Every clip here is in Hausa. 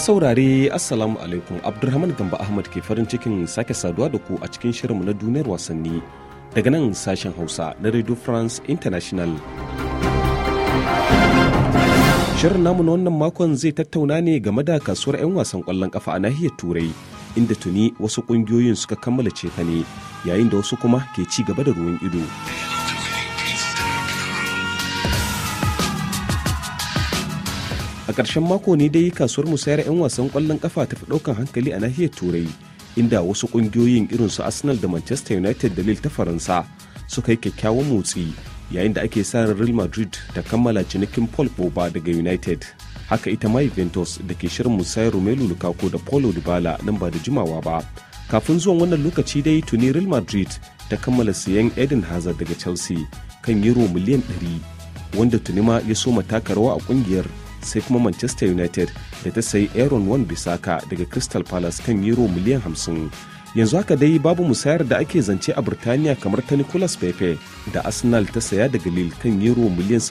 saurare assalamu alaikum abdulrahman gamba ahmad ke farin cikin sake saduwa da ku a cikin shirinmu na duniyar wasanni daga nan sashen hausa na radio france international shirin namu na wannan makon zai tattauna ne game da kasuwar 'yan wasan kwallon kafa a nahiyar turai inda tuni wasu kungiyoyin suka kammala cefane yayin da wasu kuma ke ci gaba da ruwan ido a ƙarshen mako ne dai kasuwar musayar 'yan wasan ƙwallon ƙafa ta fi ɗaukan hankali a nahiyar turai inda wasu ƙungiyoyin irin su arsenal da manchester united da lille ta faransa suka yi kyakkyawan motsi yayin da ake sa real madrid ta kammala cinikin paul boba daga united haka ita ma juventus da ke shirin musayar romelu lukaku da paulo dybala nan ba da jimawa ba kafin zuwan wannan lokaci dai tuni real madrid ta kammala siyan edin hazard daga chelsea kan euro miliyan 100 wanda tuni ma ya so taka rawa a kungiyar sai kuma manchester united da ta sayi aaron wan bisaka daga crystal palace kan euro miliyan hamsin. yanzu haka dai babu musayar da ake zance a birtaniya kamar ta nicholas pepe da arsenal ta saya daga lille kan euro miliyan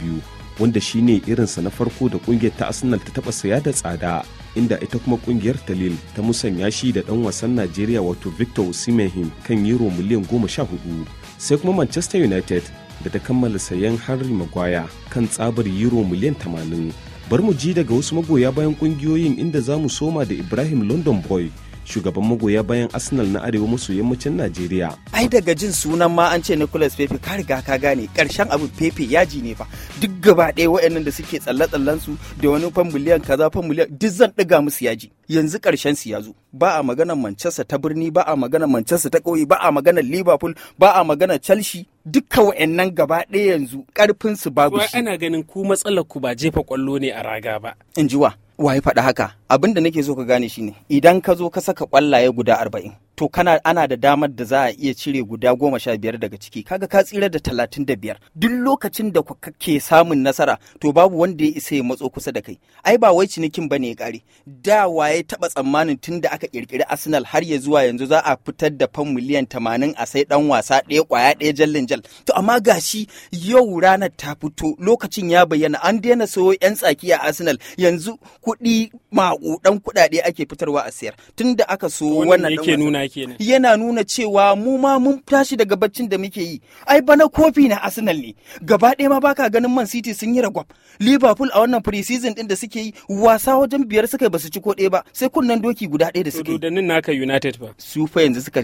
biyu. wanda shine irinsa na farko da kungiyar ta arsenal ta taba saya da tsada inda ita kuma kungiyar ta lille ta musanya shi da dan wasan najeriya wato victor osimhen kan euro miliyan 14 sai kuma manchester united da ta kammala sayan Harry Maguire kan tsabar Euro miliyan 80. Bar mu ji daga wasu magoya bayan kungiyoyin inda za mu soma da Ibrahim London Boy shugaban magoya bayan arsenal na arewa maso yammacin najeriya ai daga jin sunan ma an ce nicholas pepe ka riga ka gane karshen abu pepe yaji ne fa duk gaba ɗaya da suke tsalle-tsallen su da wani fan miliyan kaza fan miliyan duk zan ɗiga musu yaji yanzu karshen su ya ba a maganar manchester ta birni ba a maganar manchester ta ƙauye ba a maganar liverpool ba a maganar chelsea dukka wa'annan gaba ɗaya yanzu ƙarfin su babu shi ana ganin ku matsalar ku ba jefa kwallo ne a raga ba in ji wa Wa ya faɗa haka? Abin da nake so ka gane shi ne idan ka zo ka saka ƙwallaye guda arba'in to kana ana da damar da za a iya cire guda goma sha biyar daga ciki kaga ka tsira da talatin da biyar duk lokacin da kake samun nasara to babu wanda ya isa ya matso kusa da kai ai ba wai cinikin ba ne ya kare da waye taba tsammanin tun da aka kirkiri arsenal har ya zuwa yanzu za a fitar da fan miliyan tamanin a sai dan wasa ɗaya kwaya ɗaya jallin jal to amma gashi yau ranar ta fito lokacin ya bayyana an daina sayo yan tsaki a arsenal yanzu kuɗi maƙudan kuɗaɗe ake fitarwa a siyar. tun da aka so wannan yake nuna kenan yana nuna cewa mu ma mun tashi daga baccin da muke yi ai bana kofi na Arsenal ne gaba ɗaya ma baka ganin Man City sun yi ragwab Liverpool a wannan pre-season din da suke yi wasa wajen biyar suka basu ci ko ɗaya ba sai kunnen doki guda ɗaya da suke yi na naka United ba su fa yanzu suka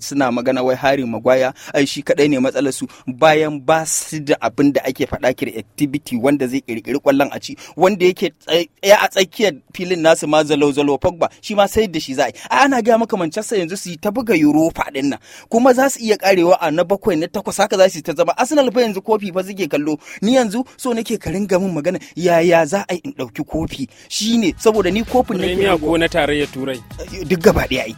suna magana wai Harry magwaya ai shi kadai ne matsalar su bayan ba su da abin da ake faɗa creativity wanda zai kirkiri kwallon a ci wanda yake tsaya a tsakiyar filin nasu ma zalo zalo Pogba shi ma sai da shi za a ana ga maka Manchester yanzu yanzu su yi ta buga Europa din nan kuma za su iya karewa a na bakwai na takwas haka za su ta zama Arsenal fa yanzu kofi fa suke kallo ni yanzu so nake ka ringa min magana yaya za a yi in dauki kofi shine saboda ni kofin nake ko na tarayyar turai eh, duk gaba daya ai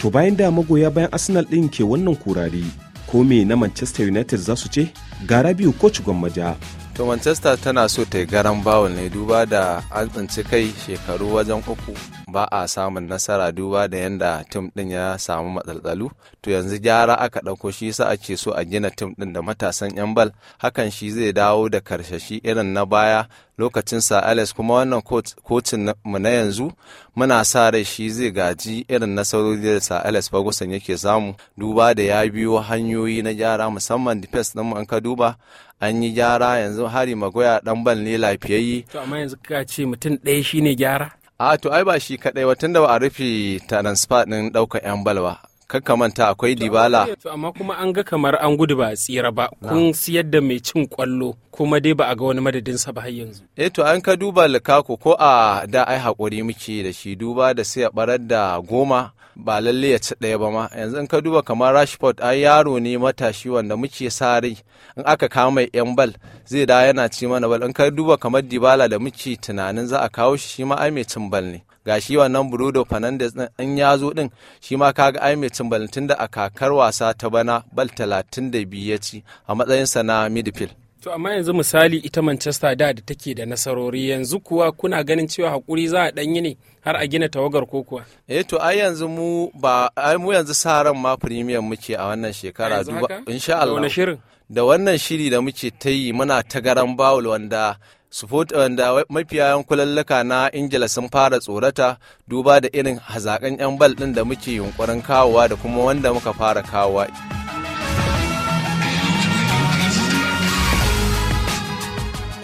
To bayan da magoya bayan Arsenal din ke wannan kurari, ko me na Manchester United za su ce? Gara biyu ko gwammaja to manchester tana so ta yi garan bawul ne duba da an tsinci kai shekaru wajen uku ba a samun nasara duba da yadda tim ɗin ya samu matsaltsalu to yanzu gyara aka ɗauko shi a ce so a gina tim ɗin da matasan 'yan bal hakan shi zai dawo da karshashi irin na baya lokacin sa alex kuma wannan kocin mu na yanzu muna sa rai shi zai gaji irin nasarori da sa alex ferguson yake samu duba da ya biyo hanyoyi na gyara musamman defense din mu an ka duba an yi gyara yanzu hari magoya dan ban ne lafiyayyi to amma yanzu ka ce mutum ɗaya shine gyara a to ai ba shi kaɗai wa tunda ba a rufe transfer din ɗaukar yan balwa kakka manta akwai dibala amma kuma an ga kamar an gudu ba a tsira ba kun siyar da mai cin kwallo kuma dai ba a ga wani madadin sa ba har yanzu e to an ka duba lukaku ko a da ai hakuri muke da shi duba da sai ya barar da goma ba lalle ya ci ɗaya ba ma yanzu in ka duba kamar rashford ai yaro ne matashi wanda muke sa rai in aka kawo mai yan bal zai da yana ci mana bal in ka duba kamar dibala da muke tunanin za a kawo shi shi ma ai mai cin bal ne ga shi wannan brodo fernandes din in ya zo din shi ma kaga ai mai cin bal tunda a kakar wasa ta bana bal talatin da biyu ya ci a matsayinsa na midfield To amma yanzu misali ita Manchester da da take da nasarori yanzu kuwa kuna ganin cewa hakuri za a ɗanyi ne har a gina tawagar ko kuwa. Eh to ai yanzu mu ba ai mu yanzu sa ran ma premium muke a wannan shekara duba insha Allah. shirin? Da wannan shiri da muke ta yi muna ta garan bawul wanda support wanda mafiya kulallaka na ingila sun fara tsorata duba da irin hazakan yan bal ɗin da muke yunkurin kawowa da kuma wanda muka fara kawowa.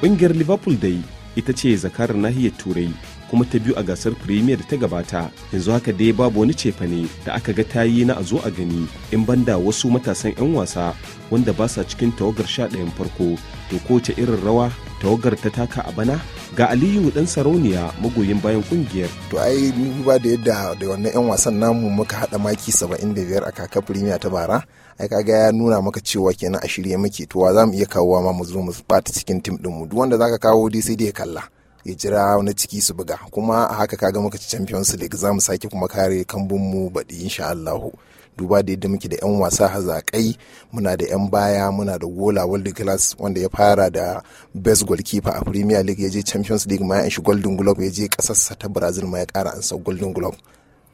Ƙungiyar Liverpool dai ita ce zakarar nahiyar Turai kuma ta biyu a gasar premier ta gabata yanzu haka dai babu wani cefane da aka ga ta yi na a zo a gani in banda wasu matasan 'yan wasa wanda ba sa cikin tawagar sha ɗayan farko to kowace irin rawa tawagar ta taka a bana ga aliyu dan sarauniya magoyin bayan kungiyar to ai ba da yadda da wannan 'yan wasan namu muka hada maki 75 a kaka premier ta bara ai kaga ya nuna maka cewa kenan a shirye muke to za mu iya kawo ma mu zo mu bata cikin tim mu duk wanda zaka kawo dai sai dai kalla ya jira na ciki su buga kuma a haka kaga muka ci champions league za mu sake kuma kare kambun mu baɗi insha allahu duba da yadda muke da 'yan wasa hazakai muna da 'yan baya muna da gola world class wanda ya fara da best goalkeeper a premier league ya je champions league ma ya shi golden globe ya je kasarsa ta brazil ma ya kara ansa golden globe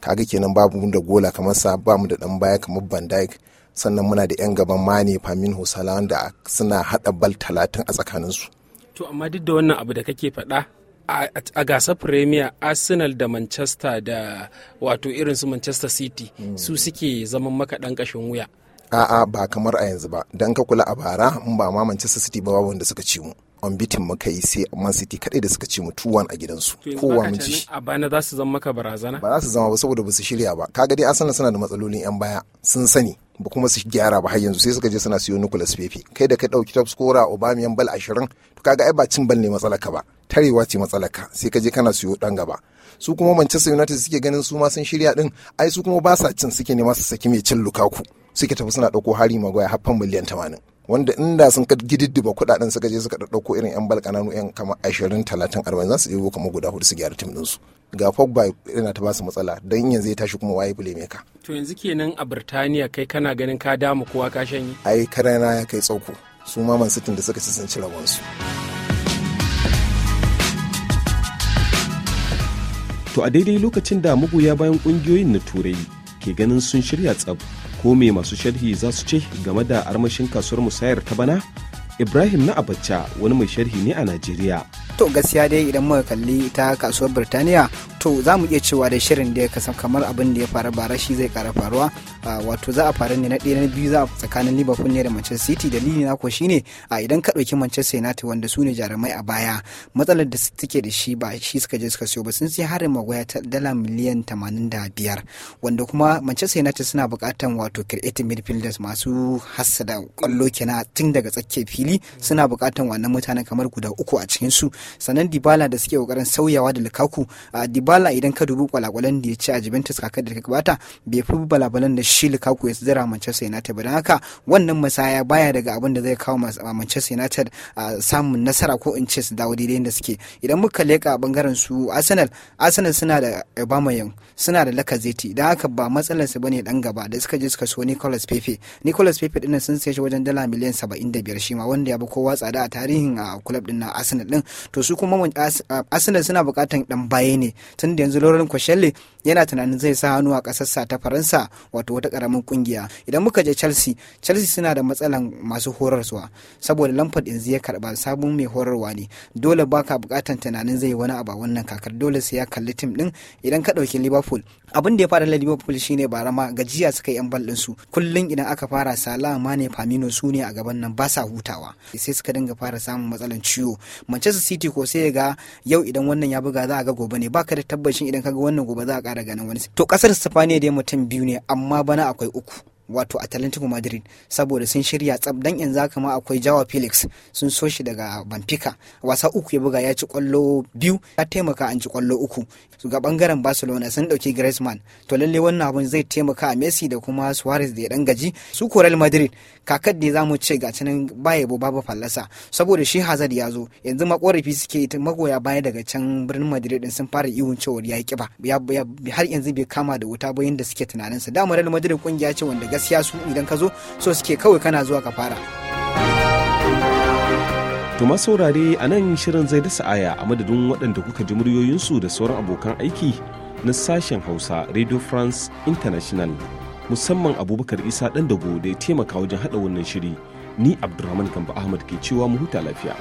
kaga kenan babu da gola kamar sa ba mu da dan baya kamar van dijk sannan muna da 'yan gaban mane famin hosala wanda suna hada bal 30 a tsakaninsu to amma duk da wannan abu da kake faɗa a gasar premier arsenal da manchester da wato irin su manchester city su hmm. suke zaman maka dan kashin wuya a'a ba kamar a yanzu ba don ka kula a bara in ba ma manchester city ba wanda suka ci mu unbeaten muka yi sai man city kadai da suka ce mu tuwon a gidansu kowa mun ci a bana za su zama maka barazana ba za su zama ba saboda ba su shirya ba kaga dai arsenal suna da matsalolin yan baya sun sani ba kuma su gyara ba har yanzu sai suka je suna siyo Nicolas Pepe kai da ka dauki top scorer Aubameyang bal 20 to kaga ai ba cin bal ne matsalar ka ba tarewa ce matsalaka sai ka je kana siyo dan gaba su kuma Manchester United suke ganin su ma sun shirya din ai su kuma ba sa cin suke nema su saki mai cin Lukaku suke tafi suna dauko Harry Maguire haffan miliyan 80 wanda inda sun ka gididdiba kudaden suka je suka dauko irin yan balkananu yan kama 20 30 40 za su yi boka guda hudu su gyara tim din su ga Pogba yana ta basu matsala dan yanzu ya tashi kuma waye playmaker to yanzu kenan a Birtaniya kai kana ganin ka dama kowa ka shanye ai karana ya kai tsauko su ma man da suka ci sun ci rabonsu. su to a daidai lokacin da magoya bayan kungiyoyin na turai ke ganin sun shirya tsab ko me masu sharhi za su ce game da armashin kasuwar musayar ta bana ibrahim na abacha wani mai sharhi ne a najeriya to gaskiya dai idan muka kalli ta kasuwar birtaniya to za mu iya cewa da shirin da ya kasa kamar abin da ya faru bara shi zai kara faruwa wato za a faru ne na ɗaya na biyu za a tsakanin liverpool ne da manchester city dalili na ko shine a idan ka ɗauki manchester united wanda su ne jarumai a baya matsalar da suke da shi ba shi suka je suka siyo ba sun sai harin magoya ta dala miliyan tamanin da biyar wanda kuma manchester united suna buƙatan wato creative midfielders masu hassada kwallo kenan tun daga tsakiyar fili suna buƙatan wannan mutanen kamar guda uku a cikin su sannan dibala da suke ƙoƙarin sauyawa da lukaku bala idan ka dubi kwalakwalan da ya ci a juventus kakar da ka gabata bai fi balabalan da shi lukaku ya tsira manchester united ba don haka wannan masaya baya daga abin da zai kawo manchester united samun nasara ko in ce su dawo daidai da suke idan muka leka bangaren su arsenal arsenal suna da aubameyang suna da lakazeti don haka ba matsalar su bane dan gaba da suka je suka so nicolas pepe nicolas pepe dinnan sun sai shi wajen dala miliyan 75 shi ma wanda ya bi kowa tsada a tarihin a club dinnan na arsenal din to su kuma arsenal suna bukatan dan baye ne tun da yanzu lauren kwashelle yana tunanin zai sa hannu a ƙasarsa ta faransa wato wata ƙaramin kungiya idan muka je chelsea chelsea suna da matsalan masu horarwa saboda lampard yanzu ya karba sabon mai horarwa ne dole baka bukatan tunanin zai wani abu wannan kakar dole sai ya kalli tim din idan ka ɗauki liverpool abin da ya fara liverpool shine ba rama gajiya suka yi yan bal su kullum idan aka fara sala mane famino su ne a gaban nan ba sa hutawa sai suka dinga fara samun matsalan ciwo manchester city ko sai ga yau idan wannan ya buga za a ga gobe ne baka da tabbacin idan ka ga wannan gobe za a daga nan wani to kasar Sifaniya dai mutum biyu ne amma bana akwai uku wato Atlantico Madrid saboda sun shirya tsab dan yanzu haka akwai Jawa Felix sun so shi daga Benfica wasa uku ya buga ya ci kwallo biyu ya taimaka an ci kwallo uku su ga bangaren Barcelona sun dauki Griezmann to lalle wannan abun zai taimaka a Messi da kuma Suarez da ya dan gaji su ko Real Madrid kakar da zamu ce ga nan ba bo babu fallasa saboda shi Hazard ya zo yanzu ma korafi suke magoya baya daga can birnin Madrid din sun fara ihun cewa ya kiba har yanzu bai kama da wuta ba yanda suke tunanin sa dama Real Madrid kungiya ce wanda gaskiya su idan ka zo so suke kawai kana zuwa ka fara Tuma saurare a nan shirin zai dasa aya a madadin waɗanda kuka ji muryoyinsu da sauran abokan aiki na sashen Hausa Radio France International musamman Abubakar Isa ɗan dago da ya taimaka wajen haɗa wannan shiri ni Abdulrahman Gamba Ahmad ke cewa mu huta lafiya.